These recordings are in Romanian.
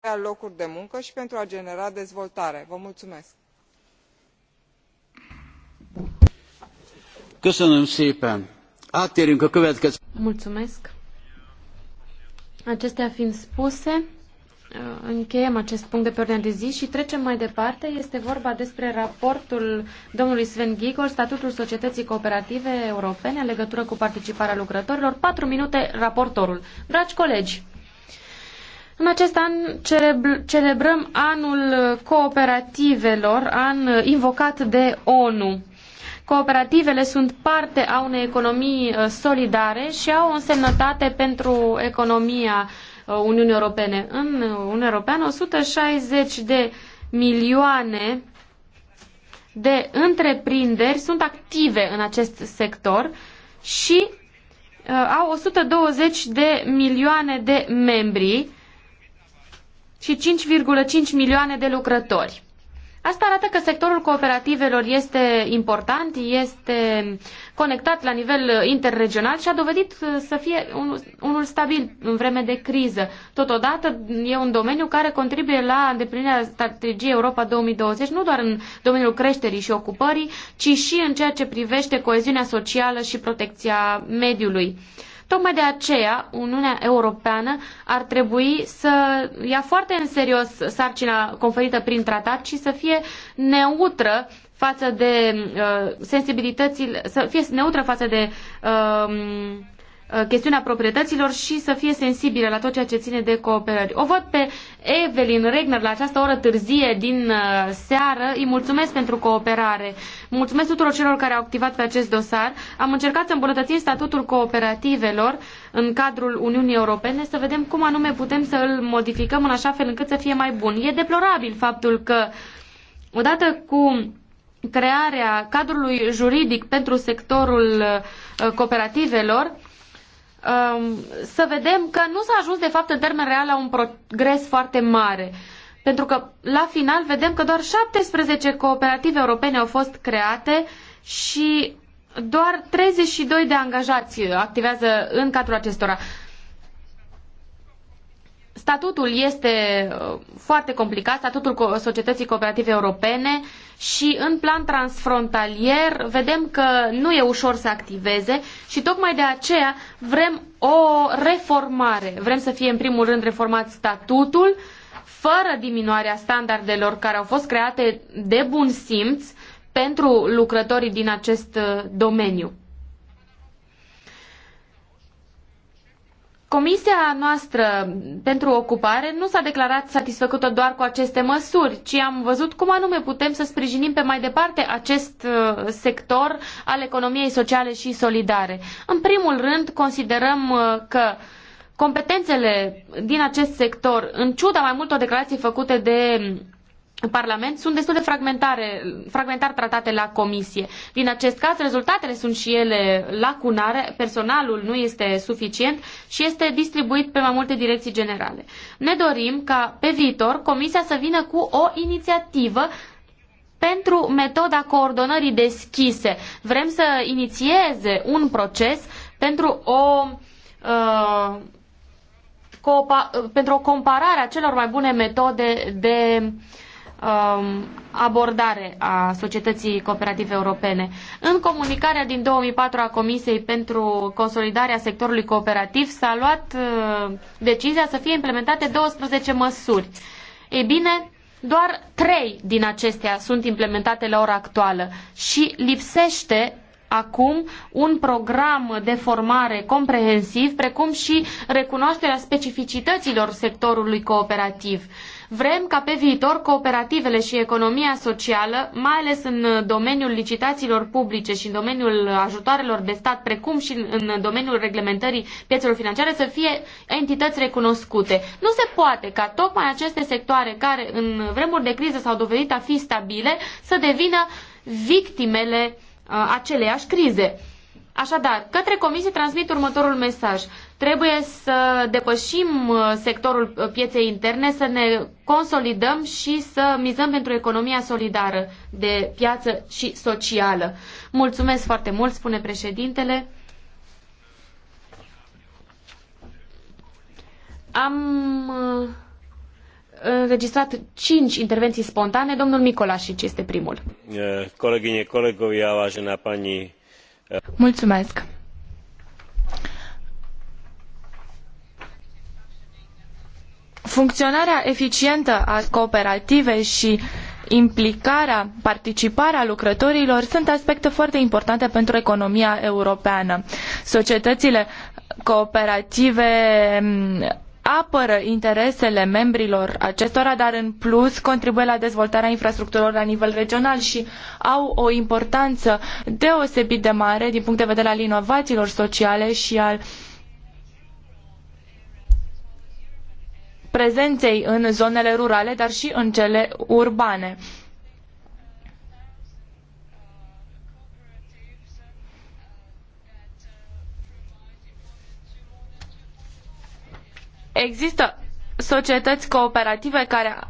crearea de locuri de muncă i pentru a genera dezvoltare. vă mulumesc! Mulțumesc. Acestea fiind spuse, încheiem acest punct de pe ordinea de zi și trecem mai departe. Este vorba despre raportul domnului Sven Gigol, statutul societății cooperative europene în legătură cu participarea lucrătorilor. Patru minute, raportorul. Dragi colegi, în acest an celebrăm anul cooperativelor, an invocat de ONU. Cooperativele sunt parte a unei economii uh, solidare și au o însemnătate pentru economia uh, Uniunii Europene. În Uniunea Europeană 160 de milioane de întreprinderi sunt active în acest sector și uh, au 120 de milioane de membri și 5,5 milioane de lucrători. Asta arată că sectorul cooperativelor este important, este conectat la nivel interregional și a dovedit să fie unul stabil în vreme de criză. Totodată e un domeniu care contribuie la îndeplinirea strategiei Europa 2020, nu doar în domeniul creșterii și ocupării, ci și în ceea ce privește coeziunea socială și protecția mediului. Tocmai de aceea, Uniunea Europeană ar trebui să ia foarte în serios sarcina conferită prin tratat și să fie neutră față de uh, sensibilitățile, să fie neutră față de uh, Uh, chestiunea proprietăților și să fie sensibile la tot ceea ce ține de cooperări. O văd pe Evelyn Regner la această oră târzie din uh, seară. Îi mulțumesc pentru cooperare. Mulțumesc tuturor celor care au activat pe acest dosar. Am încercat să îmbunătățim statutul cooperativelor în cadrul Uniunii Europene, să vedem cum anume putem să îl modificăm în așa fel încât să fie mai bun. E deplorabil faptul că odată cu crearea cadrului juridic pentru sectorul uh, cooperativelor, Um, să vedem că nu s-a ajuns de fapt în termen real la un progres foarte mare. Pentru că la final vedem că doar 17 cooperative europene au fost create și doar 32 de angajați activează în cadrul acestora. Statutul este uh, foarte complicat, statutul societății cooperative europene și în plan transfrontalier vedem că nu e ușor să activeze și tocmai de aceea vrem o reformare. Vrem să fie în primul rând reformat statutul fără diminuarea standardelor care au fost create de bun simț pentru lucrătorii din acest uh, domeniu. Comisia noastră pentru ocupare nu s-a declarat satisfăcută doar cu aceste măsuri, ci am văzut cum anume putem să sprijinim pe mai departe acest uh, sector al economiei sociale și solidare. În primul rând, considerăm uh, că competențele din acest sector, în ciuda mai multor declarații făcute de Parlament sunt destul de fragmentare, fragmentar tratate la comisie. Din acest caz, rezultatele sunt și ele lacunare, personalul nu este suficient și este distribuit pe mai multe direcții generale. Ne dorim ca pe viitor comisia să vină cu o inițiativă pentru metoda coordonării deschise. Vrem să inițieze un proces pentru o uh, pentru o comparare a celor mai bune metode de uh, Um, abordare a societății cooperative europene. În comunicarea din 2004 a Comisiei pentru consolidarea sectorului cooperativ s-a luat uh, decizia să fie implementate 12 măsuri. Ei bine, doar 3 din acestea sunt implementate la ora actuală și lipsește acum un program de formare comprehensiv, precum și recunoașterea specificităților sectorului cooperativ. Uh, Vrem ca pe viitor cooperativele și economia socială, mai ales în domeniul licitațiilor publice și în domeniul ajutoarelor de stat, precum și în domeniul reglementării piețelor financiare, să fie entități recunoscute. Nu se poate ca tocmai aceste sectoare care în vremuri de criză s-au dovedit a fi stabile să devină victimele uh, aceleiași crize. Așadar, către comisie transmit următorul mesaj. Trebuie să depășim uh, sectorul uh, pieței interne, să ne consolidăm și să mizăm pentru economia solidară de piață și socială. Mulțumesc foarte mult, spune președintele. Am uh, înregistrat cinci intervenții spontane. Domnul Micolașic este primul. Eh, Colegine, colegovia, vážená pani. Eh. Mulțumesc. Funcționarea eficientă a cooperativei și implicarea, participarea lucrătorilor sunt aspecte foarte importante pentru economia europeană. Societățile cooperative mm, apără interesele membrilor acestora, dar în plus contribuie la dezvoltarea infrastructurilor la nivel regional și au o importanță deosebit de mare din punct de vedere al inovațiilor sociale și al prezenței în zonele rurale, dar și în cele urbane. Există societăți cooperative care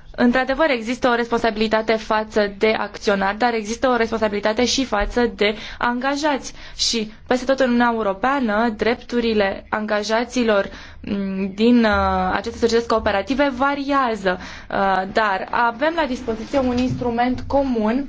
Într-adevăr, există o responsabilitate față de acționari, dar există o responsabilitate și față de angajați. Și peste tot în Uniunea Europeană, drepturile angajaților mm, din uh, aceste societăți cooperative variază, uh, dar avem la dispoziție un instrument comun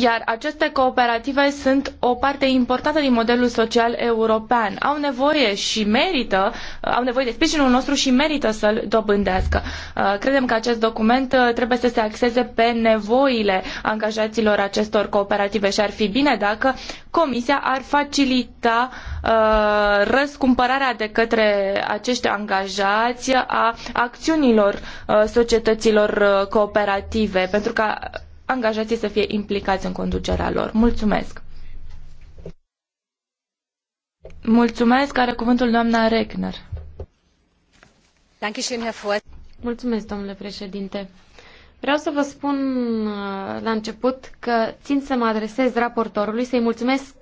Iar aceste cooperative sunt o parte importantă din modelul social european. Au nevoie și merită, uh, au nevoie de sprijinul nostru și merită să-l dobândească. Uh, credem că acest document uh, trebuie să se axeze pe nevoile angajaților acestor cooperative și ar fi bine dacă Comisia ar facilita răscumpărarea de către acești angajați a acțiunilor societăților cooperative, pentru că angajații să fie implicați în conducerea lor. Mulțumesc! Mulțumesc, are cuvântul doamna Regner. Mulțumesc, domnule președinte. Vreau să vă spun uh, la început că țin să mă adresez raportorului, să-i mulțumesc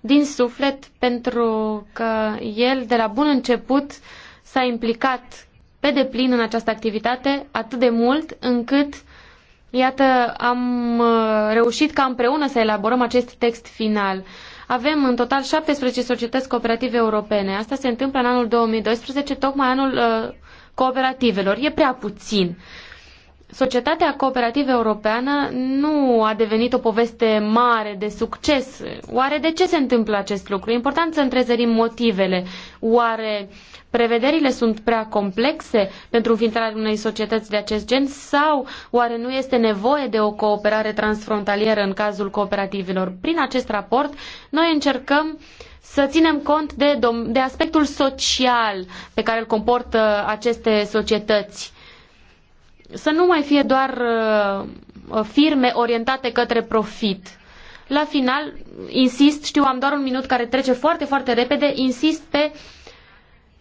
din suflet pentru că el de la bun început s-a implicat pe deplin în această activitate atât de mult încât Iată, am uh, reușit ca împreună să elaborăm acest text final. Avem în total 17 societăți cooperative europene. Asta se întâmplă în anul 2012, tocmai anul uh, cooperativelor. E prea puțin. Societatea Cooperativă Europeană nu a devenit o poveste mare de succes. Oare de ce se întâmplă acest lucru? E important să întrezărim motivele. Oare prevederile sunt prea complexe pentru înființarea unei societăți de acest gen sau oare nu este nevoie de o cooperare transfrontalieră în cazul cooperativelor? Prin acest raport, noi încercăm să ținem cont de, de aspectul social pe care îl comportă aceste societăți să nu mai fie doar uh, firme orientate către profit. La final, insist, știu, am doar un minut care trece foarte, foarte repede, insist pe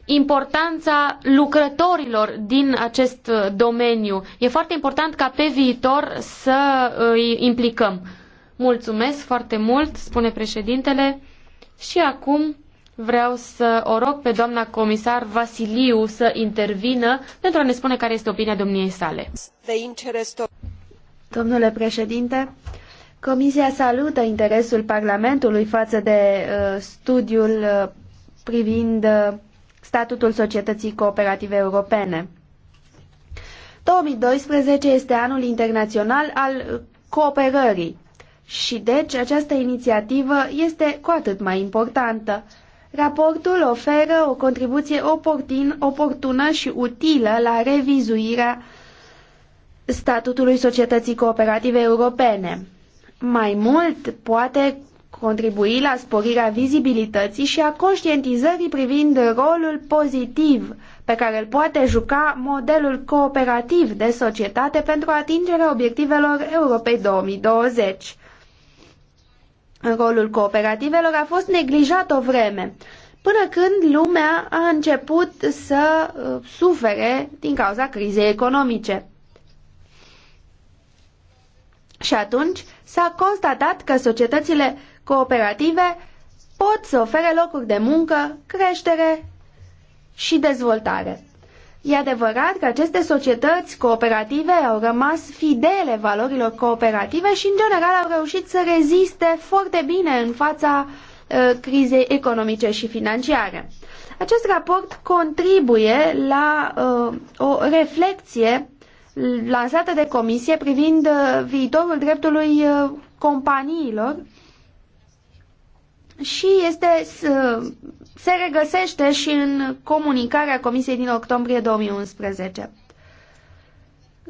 importanța lucrătorilor din acest uh, domeniu. E foarte important ca pe viitor să îi implicăm. Mulțumesc foarte mult, spune președintele. Și acum vreau să o rog pe doamna comisar Vasiliu să intervină pentru a ne spune care este opinia domniei sale. Domnule președinte, Comisia salută interesul Parlamentului față de uh, studiul uh, privind uh, statutul societății cooperative europene. 2012 este anul internațional al cooperării și deci această inițiativă este cu atât mai importantă. Raportul oferă o contribuție oportun, oportună și utilă la revizuirea statutului societății cooperative europene. Mai mult, poate contribui la sporirea vizibilității și a conștientizării privind rolul pozitiv pe care îl poate juca modelul cooperativ de societate pentru atingerea obiectivelor Europei 2020 rolul cooperativelor a fost neglijat o vreme, până când lumea a început să uh, sufere din cauza crizei economice. Și atunci s-a constatat că societățile cooperative pot să ofere locuri de muncă, creștere și dezvoltare. E adevărat că aceste societăți cooperative au rămas fidele valorilor cooperative și, în general, au reușit să reziste foarte bine în fața uh, crizei economice și financiare. Acest raport contribuie la uh, o reflexie lansată de comisie privind uh, viitorul dreptului uh, companiilor și este se regăsește și în comunicarea Comisiei din octombrie 2011.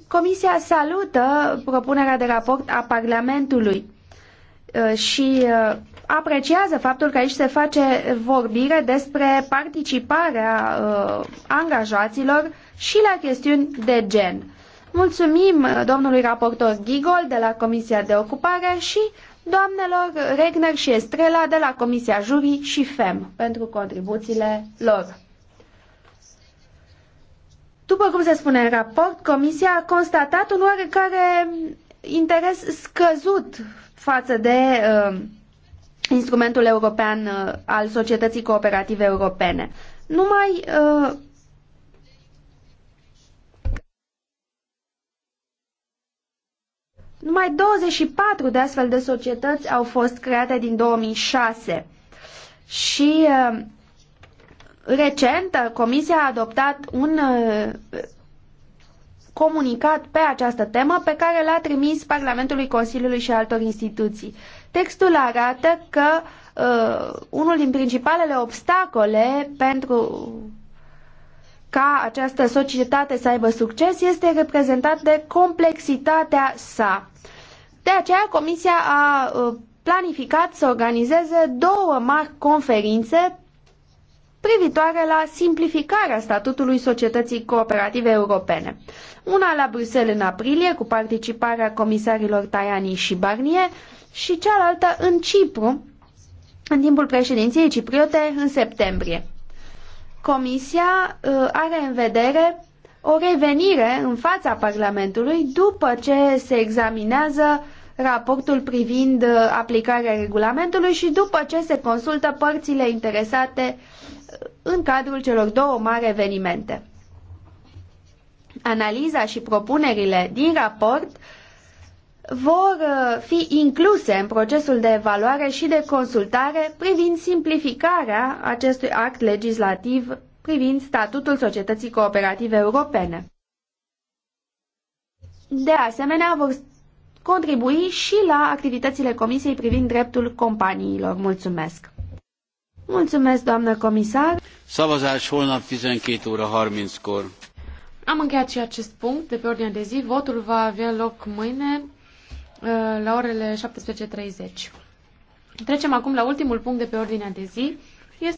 Comisia salută propunerea de raport a Parlamentului uh, și uh, apreciază faptul că aici se face vorbire despre participarea uh, angajaților și la chestiuni de gen. Mulțumim domnului raportor Gigol de la Comisia de Ocupare și doamnelor Regner și Estrela de la Comisia Jurii și FEM pentru contribuțiile lor. După cum se spune în raport, Comisia a constatat un oarecare interes scăzut față de uh, instrumentul european uh, al societății cooperative europene. Numai uh, Numai 24 de astfel de societăți au fost create din 2006 și uh, recent Comisia a adoptat un uh, comunicat pe această temă pe care l-a trimis Parlamentului, Consiliului și altor instituții. Textul arată că uh, unul din principalele obstacole pentru ca această societate să aibă succes este reprezentat de complexitatea sa. De aceea, Comisia a uh, planificat să organizeze două mari conferințe privitoare la simplificarea statutului societății cooperative europene. Una la Bruxelles în aprilie, cu participarea comisarilor Tajani și Barnier, și cealaltă în Cipru, în timpul președinției cipriote în septembrie. Comisia uh, are în vedere o revenire în fața Parlamentului după ce se examinează raportul privind uh, aplicarea regulamentului și după ce se consultă părțile interesate uh, în cadrul celor două mari evenimente. Analiza și propunerile din raport vor uh, fi incluse în procesul de evaluare și de consultare privind simplificarea acestui act legislativ privind statutul societății cooperative europene. De asemenea, vor contribui și la activitățile Comisiei privind dreptul companiilor. Mulțumesc! Mulțumesc, doamnă comisar! Szavazás holnap 12 óra 30-kor. Am încheiat și acest punct de pe ordinea de zi. Votul va avea loc mâine Uh, la orele 17.30. Trecem acum la ultimul punct de pe ordinea de zi,